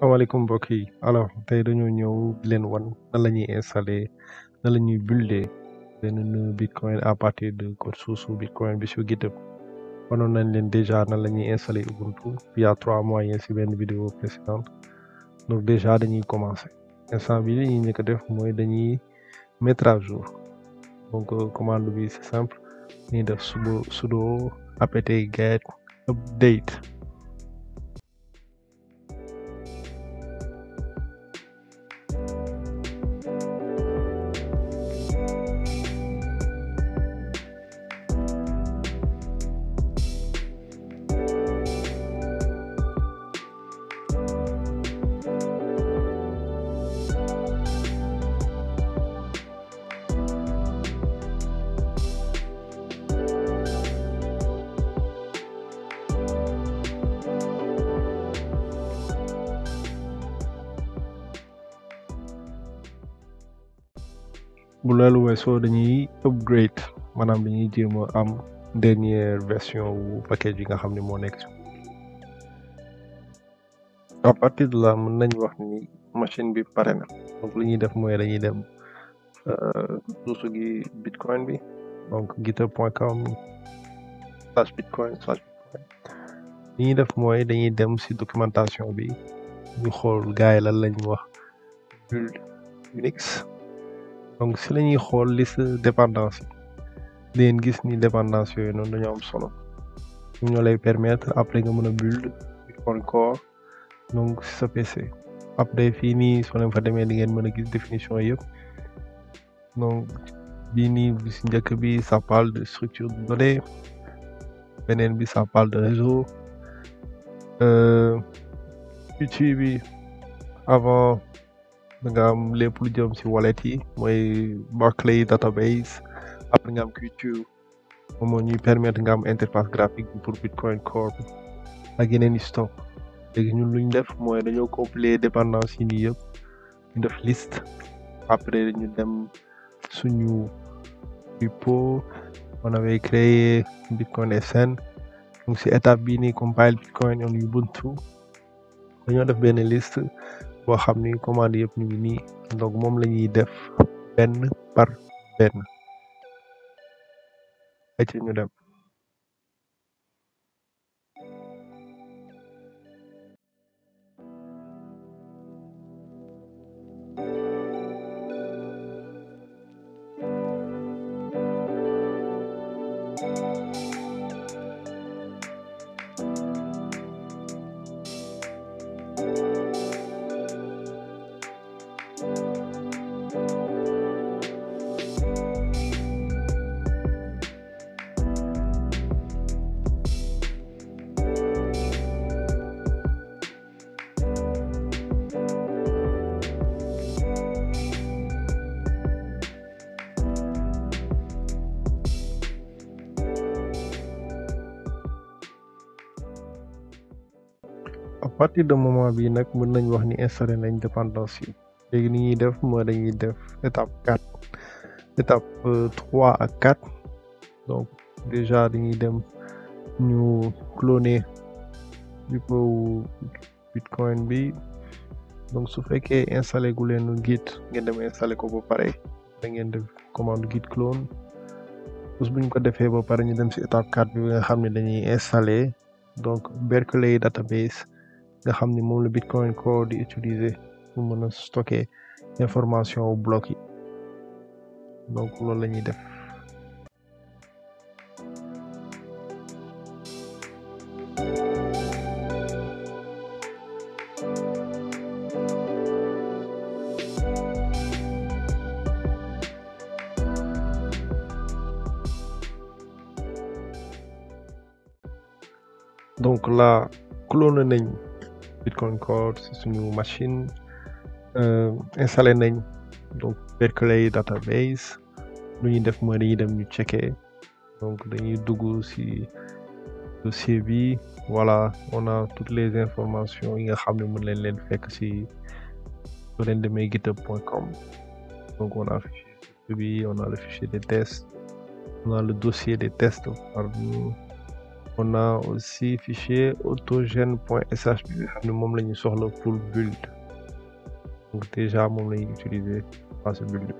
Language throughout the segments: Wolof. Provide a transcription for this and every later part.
salaamaaleykum mbokk yi alors tey dañoo ñëw leen wan nan la ñuy installer nan la ñuy builder benn nœud bitcoin à partir de code source bitcoin bi su GitHub wanoon nañ leen déjà nan la ñuy installer Ubuntu il trois moyens ci benn vidéo précédente donc déjà dañuy commencer instant bi ñu ñuy njëkk def mooy dañuy mettre à jour donc euh, commande bi c'est simple ñuy def sudo sudo apt get update bu loolu weesoo dañuy upgrade maanaam dañuy jéem a am dernière version wu package bi nga xam ne moo nekk si à de la mën nañ wax ni machine bi pare na li ñuy def mooy dañuy dem bi donc github point ñuy def mooy dañuy dem si documentation bi ñu xool gaay lan lañu wax build Unix donc si la ñuy xool liste dépendance yi leen gis ni dépendance yooyu noonu dañoo solo ñoo lay permettre après nga mën a build bitcoin donc si sa PC après fii nii soo leen fa demee di ngeen mën a gis définition yëpp donc bii nii si njëkk bi ça parle de structure de données beneen bi ça parle de réseau outil euh, bi avant da nga am lépp lu jëm ci wallet yi mooy Barclay database après nga am Q2 moom moo ñuy permettre nga am interface graphique pour Bitcoin Core bi ak i stock léegi ñu luñ def mooy dañoo compiler dépendance yi nii yëpp ñu def liste après ñu dem suñu repo on avait créé Bitcoin SN donc si étape bii ni compile Bitcoin on Ubuntu dañoo def benn liste boo xam ni commande yëpp ñu ngi nii donc moom la ñuy def benn par benn. ayca ñu dem. partie de moment bi nag mën nañ wax ni installé nañ dépendance yi léegi ni ñuy def mooy dañuy def étape quatre étape euh, trois ak quatre donc déjà dañuy dem ñu cloner repo bitcoin bi donc su fekkee installé gu leen git ngeen dem installé ko ba pare da ngeen def commande git clone bés bu ñu ko defee ba pare ñu dem si étape quatre bi nga xam ne dañuy installé donc Berkeley database. nga xam ni moom la Bitcoin Core di utiliser pour mën a stocker information wu bloc donc la ñuy def. donc là clone nañ Bitcoin Core si suñu machine euh, installé nañ donc Berkeley database lu ñuy def mooy dañuy dem ñu checker donc dañuy dugg si dossier bi wala on a toutes les informations yi nga xam ne mën leen leen fekk si soo leen demee github.com donc on a bi on a le fichier des test on a dossier des tests pardon on a aussi fichier autogène.sh bi nga xam ne moom la ñu soxla pour build donc déjà moom la ñuy utiliser dans ce build.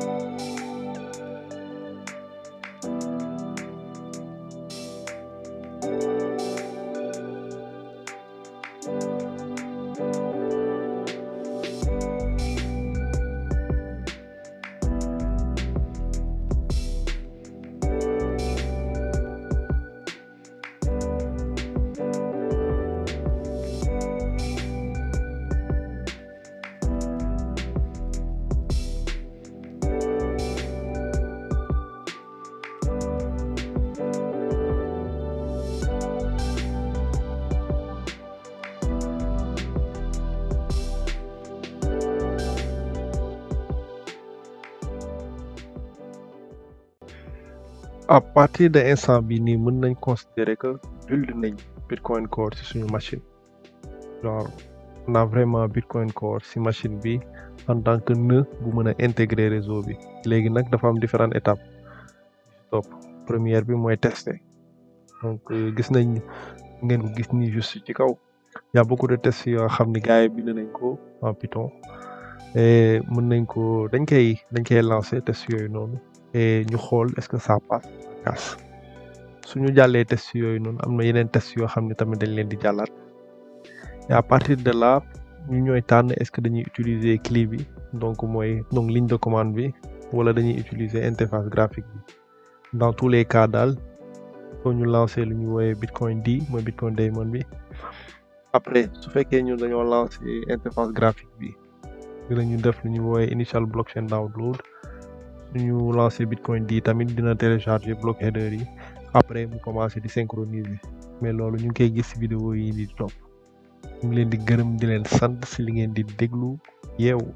Thank you à partir de instant bi nii mën nañ considérer que build nañ Bitcoin Core ci suñu machine genre a vraiment Bitcoin Core si machine bi en tant que nœud bu mën a intégrer réseau bi léegi nag dafa am différentes étapes top première bi mooy teste donc euh, gis nañ ngeen ko gis ni juste ci kaw y a beaucoup de yoo xam ni gars bi bind nañ ko en Python et mën nañ ko dañ koy dañ koy lancer test yooyu noonu et eh, ñu xool est-ce que ça passe casse suñu jàllee test yooyu noonu am na yeneen test yoo xam ne tamit dañ leen di jàllaat et à partir de la ñu ñooy tànn est-ce que dañuy utiliser cli bi donc mooy donc ligne de commande bi wala dañuy utiliser interface graphique bi dans tous les cas daal soo ñu lancer lu ñu woowee Bitcoin di mooy Bitcoin Daemon bi après su fekkee ñu dañoo lancer interface graphique bi dañuy def lu ñu woowee initial blockchain download ñu lancer bitcoin di tamit dina télécharger bloc header yi après mu commencé di synchroniser mais loolu ñu ngi koy gis ci vidéo yi di topp ñu leen di gërëm di leen sant si li ngeen di déglu yeewu